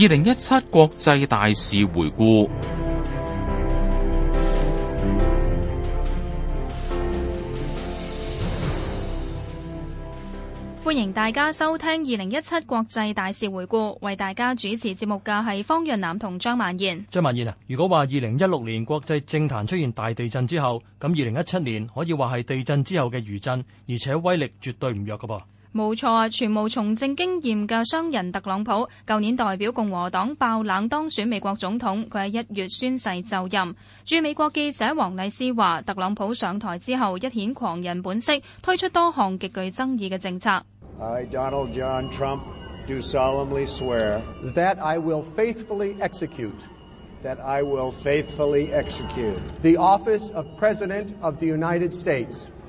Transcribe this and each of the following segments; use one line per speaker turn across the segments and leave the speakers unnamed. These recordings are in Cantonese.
二零一七國際大事回顧，
歡迎大家收聽二零一七國際大事回顧。為大家主持節目嘅係方潤南同張曼燕。
張曼燕啊，如果話二零一六年國際政壇出現大地震之後，咁二零一七年可以話係地震之後嘅餘震，而且威力絕對唔弱㗎噃。
冇錯，全無從政經驗嘅商人特朗普，舊年代表共和黨爆冷當選美國總統，佢喺一月宣誓就任。駐美國記者黃麗詩話，特朗普上台之後一顯狂人本色，推出多項極具爭議嘅
政策。I,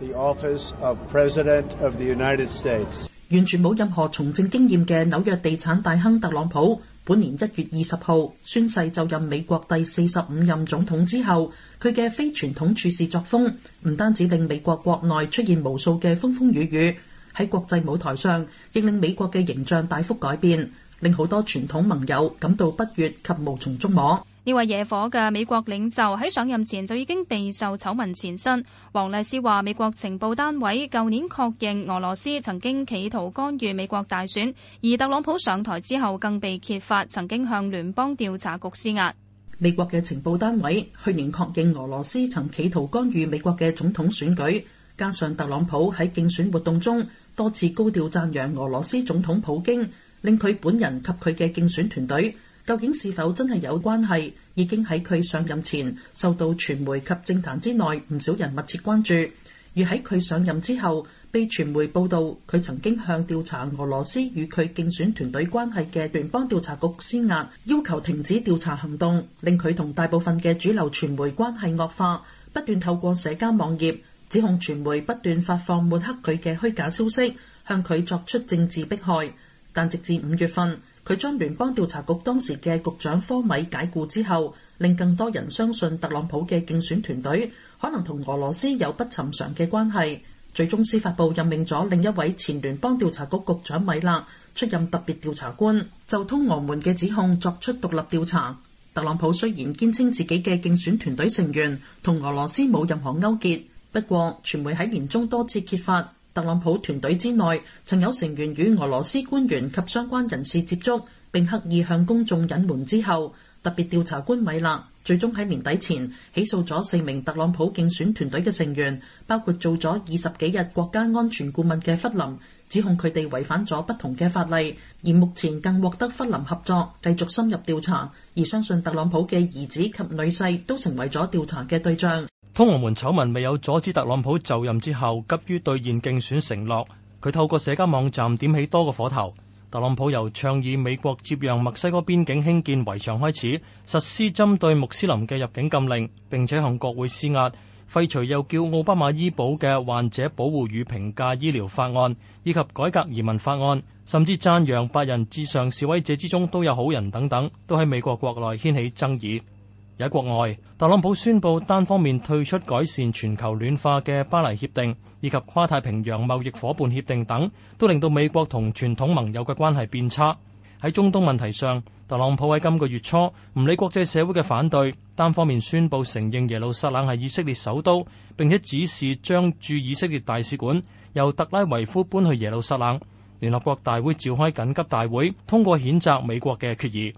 The office of President
of the United States.
完全冇任何從政經驗嘅紐約地產大亨特朗普，本年一月二十號宣誓就任美國第四十五任總統之後，佢嘅非傳統處事作風，唔單止令美國國內出現無數嘅風風雨雨，喺國際舞台上亦令美國嘅形象大幅改變，令好多傳統盟友感到不悅及無從捉摸。
呢位惹火嘅美國領袖喺上任前就已經備受醜聞纏身。黃麗斯話，美國情報單位舊年確認俄羅斯曾經企圖干預美國大選，而特朗普上台之後更被揭發曾經向聯邦調查局施壓。
美國嘅情報單位去年確認俄羅斯曾企圖干預美國嘅總統選舉，加上特朗普喺競選活動中多次高調讚揚俄羅斯總統普京，令佢本人及佢嘅競選團隊。究竟是否真係有關係，已經喺佢上任前受到傳媒及政壇之內唔少人密切關注。而喺佢上任之後，被傳媒報導，佢曾經向調查俄羅斯與佢競選團隊關係嘅聯邦調查局施壓，要求停止調查行動，令佢同大部分嘅主流傳媒關係惡化。不斷透過社交網頁指控傳媒不斷發放抹黑佢嘅虛假消息，向佢作出政治迫害。但直至五月份，佢將聯邦調查局當時嘅局長科米解僱之後，令更多人相信特朗普嘅競選團隊可能同俄羅斯有不尋常嘅關係。最終司法部任命咗另一位前聯邦調查局局長米勒出任特別調查官，就通俄門嘅指控作出獨立調查。特朗普雖然堅稱自己嘅競選團隊成員同俄羅斯冇任何勾結，不過傳媒喺年中多次揭發。特朗普團隊之內曾有成員與俄羅斯官員及相關人士接觸，並刻意向公眾隱瞞之後，特別調查官米勒最終喺年底前起訴咗四名特朗普競選團隊嘅成員，包括做咗二十幾日國家安全顧問嘅弗林，指控佢哋違反咗不同嘅法例，而目前更獲得弗林合作，繼續深入調查，而相信特朗普嘅兒子及女婿都成為咗調查嘅對
象。通俄門醜聞未有阻止特朗普就任之後急於兌現競選承諾，佢透過社交網站點起多個火頭。特朗普由倡議美國接壤墨西哥邊境興建圍牆開始，實施針對穆斯林嘅入境禁令，並且向國會施壓廢除又叫奧巴馬醫保嘅患者保護與評價醫療法案，以及改革移民法案，甚至讚揚白人至上示威者之中都有好人等等，都喺美國國內掀起爭議。喺國外，特朗普宣布單方面退出改善全球暖化嘅巴黎協定，以及跨太平洋貿易夥伴協定等，都令到美國同傳統盟友嘅關係變差。喺中東問題上，特朗普喺今個月初，唔理國際社會嘅反對，單方面宣布承認耶路撒冷係以色列首都，並且指示將駐以色列大使館由特拉維夫搬去耶路撒冷。聯合國大會召開緊急大會，通過譴責美國嘅決議。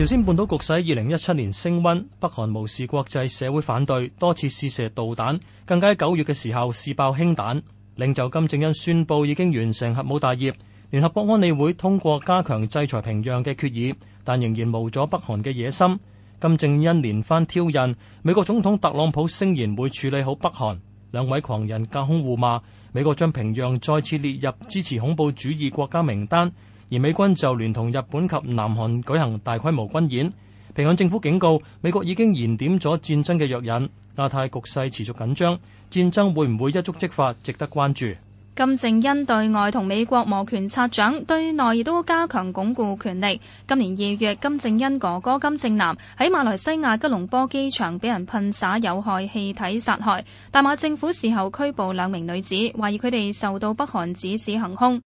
朝鮮半島局勢喺二零一七年升温，北韓無視國際社會反對，多次試射導彈，更加喺九月嘅時候試爆氫彈。領袖金正恩宣布已經完成核武大業。聯合國安理會通過加強制裁平壤嘅決議，但仍然無咗北韓嘅野心。金正恩連番挑釁，美國總統特朗普聲言會處理好北韓。兩位狂人隔空互罵，美國將平壤再次列入支持恐怖主義國家名單。而美軍就聯同日本及南韓舉行大規模軍演，平壤政府警告美國已經燃點咗戰爭嘅藥引，亞太局勢持續緊張，戰爭會唔會一觸即發，值得關注。
金正恩對外同美國摩拳擦掌，對內亦都加強鞏固權力。今年二月，金正恩哥哥金正男喺馬來西亞吉隆坡機場俾人噴灑有害氣體殺害，大馬政府事後拘捕兩名女子，懷疑佢哋受到北韓指使行兇。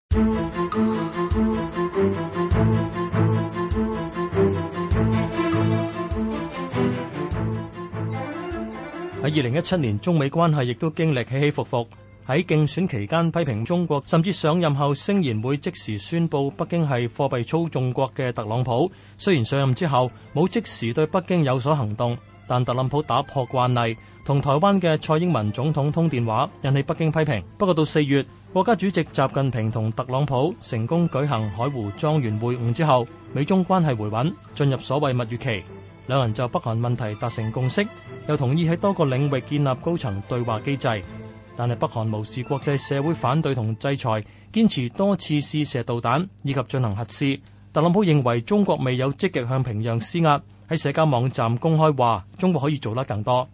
喺二零一七年，中美關係亦都經歷起起伏伏。喺競選期間批評中國，甚至上任後聲言會即時宣布北京係貨幣操縱國嘅特朗普，雖然上任之後冇即時對北京有所行動，但特朗普打破慣例，同台灣嘅蔡英文總統通電話，引起北京批評。不過到四月，國家主席習近平同特朗普成功舉行海湖莊園會晤之後，美中關係回穩，進入所謂蜜月期。兩人就北韓問題達成共識，又同意喺多個領域建立高層對話機制。但係北韓無視國際社會反對同制裁，堅持多次試射導彈以及進行核試。特朗普認為中國未有積極向平壤施壓，喺社交網站公開話中國可以做得更多。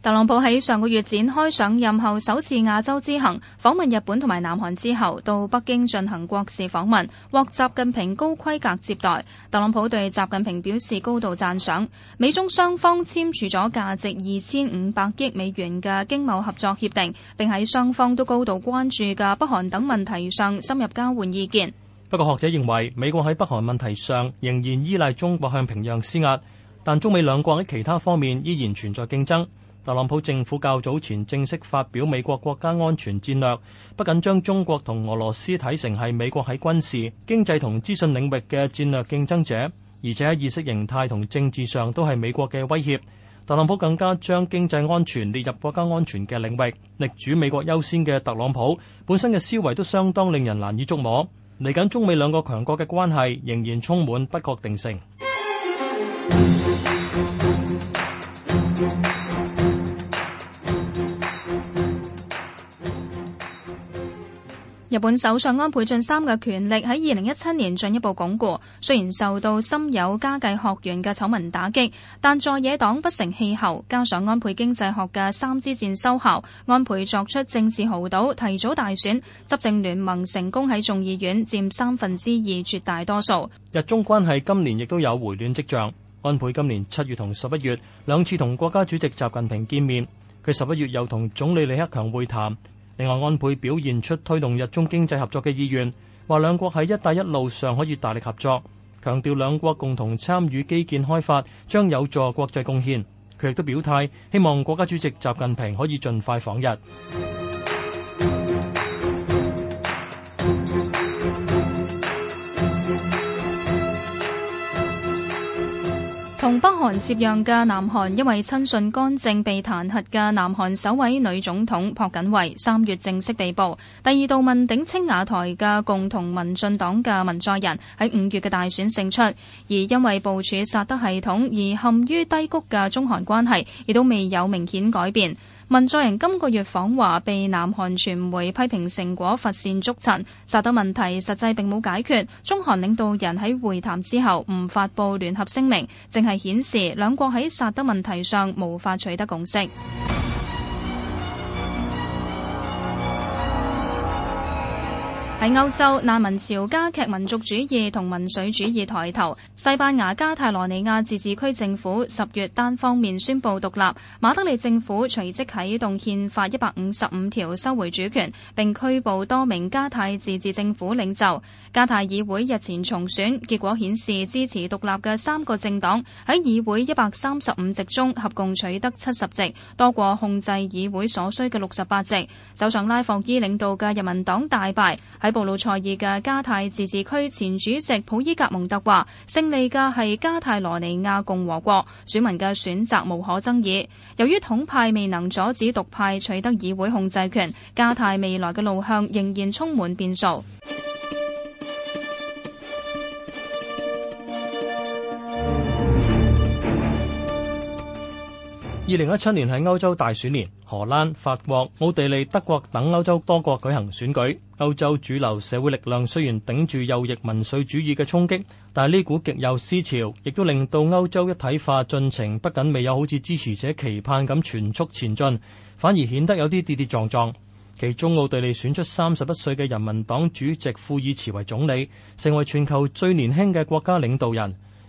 特朗普喺上個月展開上任後首次亞洲之行，訪問日本同埋南韓之後，到北京進行國事訪問，獲習近平高規格接待。特朗普對習近平表示高度讚賞。美中雙方簽署咗價值二千五百億美元嘅經貿合作協定，並喺雙方都高度關注嘅北韓等問題上深入交換意見。
不過，學者認為美國喺北韓問題上仍然依賴中國向平壤施壓，但中美兩國喺其他方面依然存在競爭。特朗普政府較早前正式發表美國國家安全戰略，不僅將中國同俄羅斯睇成係美國喺軍事、經濟同資訊領域嘅戰略競爭者，而且喺意識形態同政治上都係美國嘅威脅。特朗普更加將經濟安全列入國家安全嘅領域，力主美國優先嘅特朗普本身嘅思維都相當令人難以捉摸。嚟緊中美兩個強國嘅關係仍然充滿不確定性。
日本首相安倍晉三嘅權力喺二零一七年進一步鞏固，雖然受到深有加計學園嘅醜聞打擊，但在野黨不成氣候，加上安倍經濟學嘅三支箭收效，安倍作出政治豪賭，提早大選，執政聯盟成功喺眾議院佔三分之二絕大多數，
日中關係今年亦都有回暖跡象，安倍今年七月同十一月兩次同國家主席習近平見面，佢十一月又同總理李克強會談。另外，安倍表現出推動日中經濟合作嘅意願，話兩國喺一帶一路上可以大力合作，強調兩國共同參與基建開發將有助國際貢獻。佢亦都表態希望國家主席習近平可以盡快訪日。
同北韓接壤嘅南韓，因為親信干政被彈劾嘅南韓首位女總統朴槿惠三月正式被捕。第二度問鼎青瓦台嘅共同民進黨嘅文在寅喺五月嘅大選勝出，而因為部署薩德系統而陷於低谷嘅中韓關係，亦都未有明顯改變。文在寅今個月訪華，被南韓傳媒批評成果乏善足陳，薩德問題實際並冇解決。中韓領導人喺會談之後唔發佈聯合聲明，淨係顯示兩國喺薩德問題上無法取得共識。喺歐洲，難民潮加劇，民族主義同民粹主義抬頭。西班牙加泰羅尼亞自治區政府十月單方面宣布獨立，馬德里政府隨即啟動憲法一百五十五條收回主權，並拘捕多名加泰自治政府領袖。加泰議會日前重選，結果顯示支持獨立嘅三個政黨喺議會一百三十五席中合共取得七十席，多過控制議會所需嘅六十八席。首相拉霍伊領導嘅人民黨大敗。喺布魯塞爾嘅加泰自治區前主席普伊格蒙特話，勝利嘅係加泰羅尼亞共和國選民嘅選擇無可爭議。由於統派未能阻止獨派取得議會控制權，加泰未來嘅路向仍然充滿變數。
二零一七年係歐洲大選年，荷蘭、法國、奧地利、德國等歐洲多國舉行選舉。歐洲主流社會力量雖然頂住右翼民粹主義嘅衝擊，但係呢股極右思潮亦都令到歐洲一體化進程不僅未有好似支持者期盼咁全速前進，反而顯得有啲跌跌撞撞。其中，奧地利選出三十一歲嘅人民黨主席庫爾茨為總理，成為全球最年輕嘅國家領導人。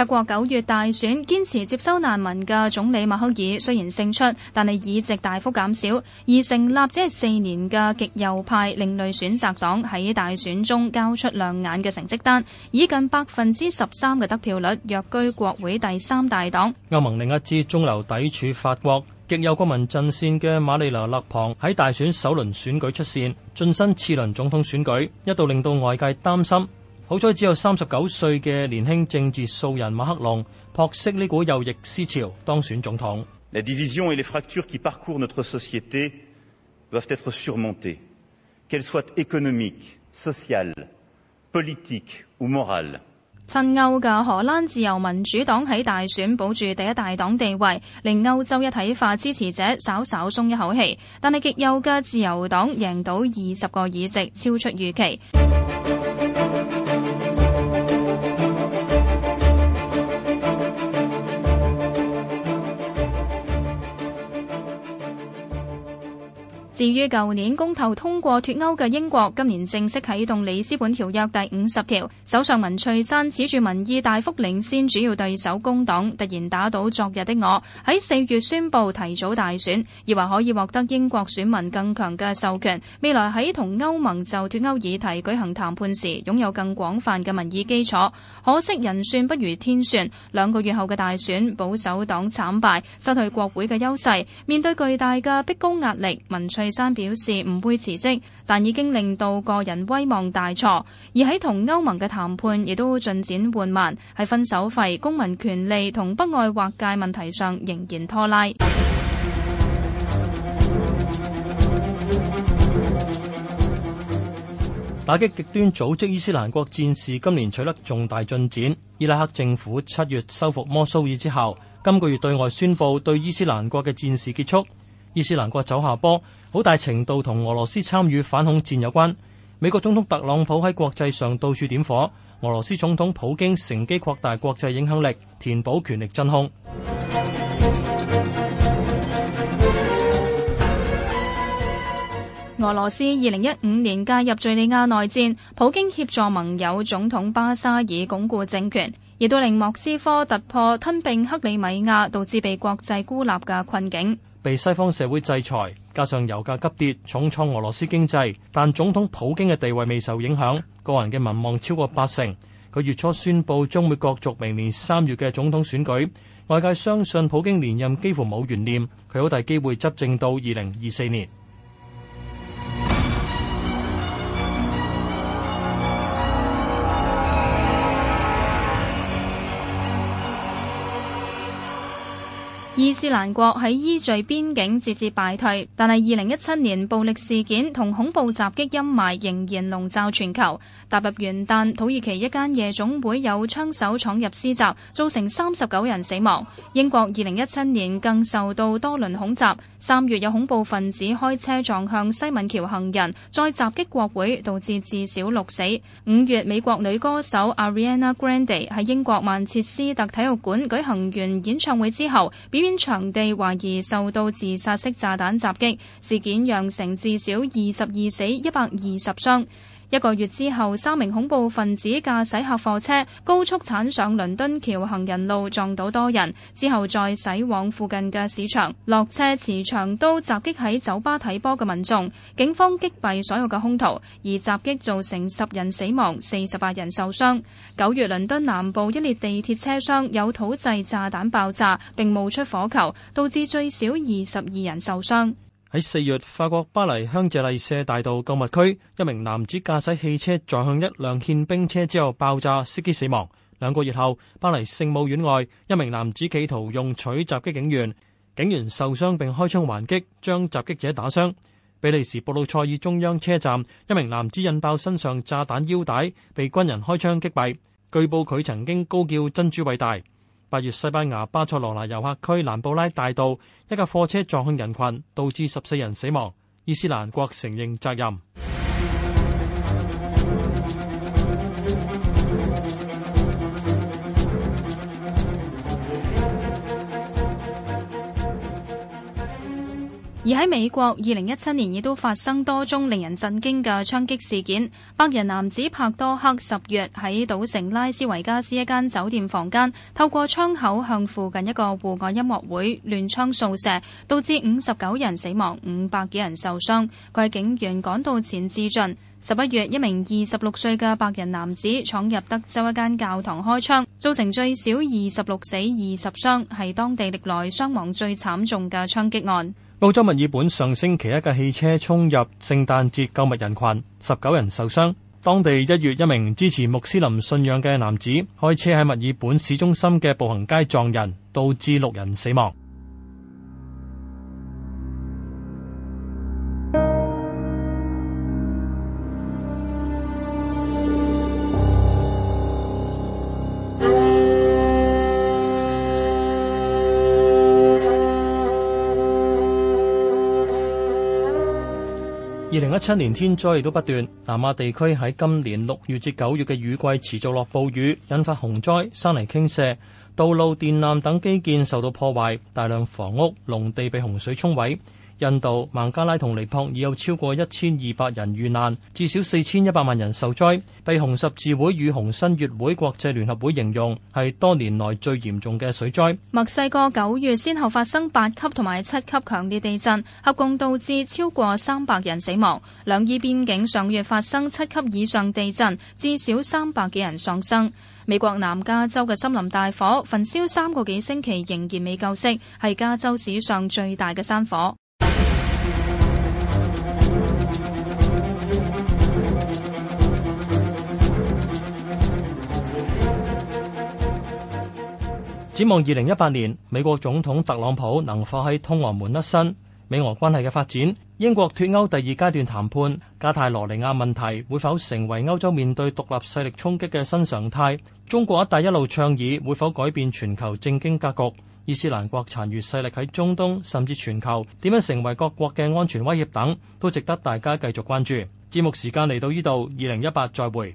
法國九月大選，堅持接收難民嘅總理默克爾雖然勝出，但係議席大幅減少。而成立只係四年嘅極右派另類選擇黨喺大選中交出亮眼嘅成績單，以近百分之十三嘅得票率，躍居國會第三大黨。
歐盟另一支中流砥柱法國極右國民陣線嘅瑪麗留勒龐喺大選首輪選舉出線，晉身次輪總統選舉，一度令到外界擔心。好彩只有三十九歲嘅年輕政治素人馬克龍撲熄呢股右翼思潮，當選總統。親歐嘅
荷蘭自由民主黨喺大選保住第一大黨地位，令歐洲一體化支持者稍稍鬆一口氣。但係極右嘅自由黨贏到二十個議席，超出預期。至於舊年公投通過脫歐嘅英國，今年正式啟動里斯本條約第五十條。首相文翠珊指住民意大幅領先主要對手工黨，突然打倒昨日的我喺四月宣布提早大選，以為可以獲得英國選民更強嘅授權，未來喺同歐盟就脫歐議題舉行談判時，擁有更廣泛嘅民意基礎。可惜人算不如天算，兩個月後嘅大選保守黨慘敗，失去國會嘅優勢，面對巨大嘅逼宮壓力，文翠山表示唔會辭職，但已經令到個人威望大挫，而喺同歐盟嘅談判亦都進展緩慢，喺分手費、公民權利同北外劃界問題上仍然拖拉。
打擊極端組織伊斯蘭國戰事今年取得重大進展，伊拉克政府七月收復摩 o s 之後，今個月對外宣布對伊斯蘭國嘅戰事結束。伊斯蘭國走下坡，好大程度同俄羅斯參與反恐戰有關。美國總統特朗普喺國際上到處點火，俄羅斯總統普京乘機擴大國際影響力，填補權力真空。
俄羅斯二零一五年加入敘利亞內戰，普京協助盟友總統巴沙爾鞏固政權，亦都令莫斯科突破吞併克里米亞，導致被國際孤立嘅困境。
被西方社會制裁，加上油價急跌，重創俄羅斯經濟，但總統普京嘅地位未受影響，個人嘅民望超過八成。佢月初宣布將會角逐明年三月嘅總統選舉，外界相信普京連任幾乎冇懸念，佢好大機會執政到二零二四年。
伊斯蘭國喺伊敘邊境節節敗退，但係二零一七年暴力事件同恐怖襲擊陰霾仍然籠罩全球。踏入元旦，土耳其一間夜總會有槍手闖入施襲，造成三十九人死亡。英國二零一七年更受到多輪恐襲，三月有恐怖分子開車撞向西敏橋行人，再襲擊國會，導致至少六死。五月，美國女歌手 Ariana Grande 喺英國曼徹斯特體育館舉行完演唱會之後，表演。場地懷疑受到自殺式炸彈襲擊，事件釀成至少二十二死一百二十傷。一個月之後，三名恐怖分子駕駛客貨車高速鏟上倫敦橋行人路，撞到多人，之後再駛往附近嘅市場，落車持長刀襲擊喺酒吧睇波嘅民眾。警方擊斃所有嘅兇徒，而襲擊造成十人死亡、四十八人受傷。九月倫敦南部一列地鐵車廂有土製炸彈爆炸並冒出火球，導致最少二十二人受傷。
喺四月，法國巴黎香榭麗舍大道購物區，一名男子駕駛汽車撞向一輛憲兵車之後爆炸，司機死亡。兩個月後，巴黎聖母院外，一名男子企圖用錘襲擊警員，警員受傷並開槍還擊，將襲擊者打傷。比利時布魯塞爾中央車站，一名男子引爆身上炸彈腰帶，被軍人開槍擊斃。據報佢曾經高叫真主偉大。八月，西班牙巴塞羅那遊客區蘭布拉大道，一架貨車撞向人群，導致十四人死亡。伊斯蘭國承認責任。
而喺美國，二零一七年亦都發生多宗令人震驚嘅槍擊事件。白人男子帕多克十月喺賭城拉斯維加斯一間酒店房間透過窗口向附近一個戶外音樂會亂槍掃射，導致五十九人死亡、五百幾人受傷。佢係警員趕到前自盡。十一月，一名二十六歲嘅白人男子闖入德州一間教堂開槍，造成最少二十六死二十傷，係當地歷來傷亡最慘重嘅槍擊案。
澳洲墨爾本上星期一架汽車衝入聖誕節購物人群，十九人受傷。當地一月一名支持穆斯林信仰嘅男子開車喺墨爾本市中心嘅步行街撞人，導致六人死亡。七年天災亦都不斷。南亞地區喺今年六月至九月嘅雨季持續落暴雨，引發洪災，山泥傾瀉，道路、電纜等基建受到破壞，大量房屋、農地被洪水沖毀。印度孟加拉同尼泊爾有超過一千二百人遇難，至少四千一百萬人受災。被紅十字會與紅新月會國際聯合會形容係多年來最嚴重嘅水災。
墨西哥九月先後發生八級同埋七級強烈地震，合共導致超過三百人死亡。兩伊邊境上月發生七級以上地震，至少三百幾人喪生。美國南加州嘅森林大火焚燒三個幾星期，仍然未救熄，係加州史上最大嘅山火。
展望二零一八年，美國總統特朗普能否喺通俄門甩身？美俄關係嘅發展，英國脫歐第二階段談判，加泰羅尼亞問題會否成為歐洲面對獨立勢力衝擊嘅新常態？中國一帶一路倡議會否改變全球政經格局？伊斯蘭國殘餘勢力喺中東甚至全球點樣成為各國嘅安全威脅等，都值得大家繼續關注。節目時間嚟到呢度，二零一八再會。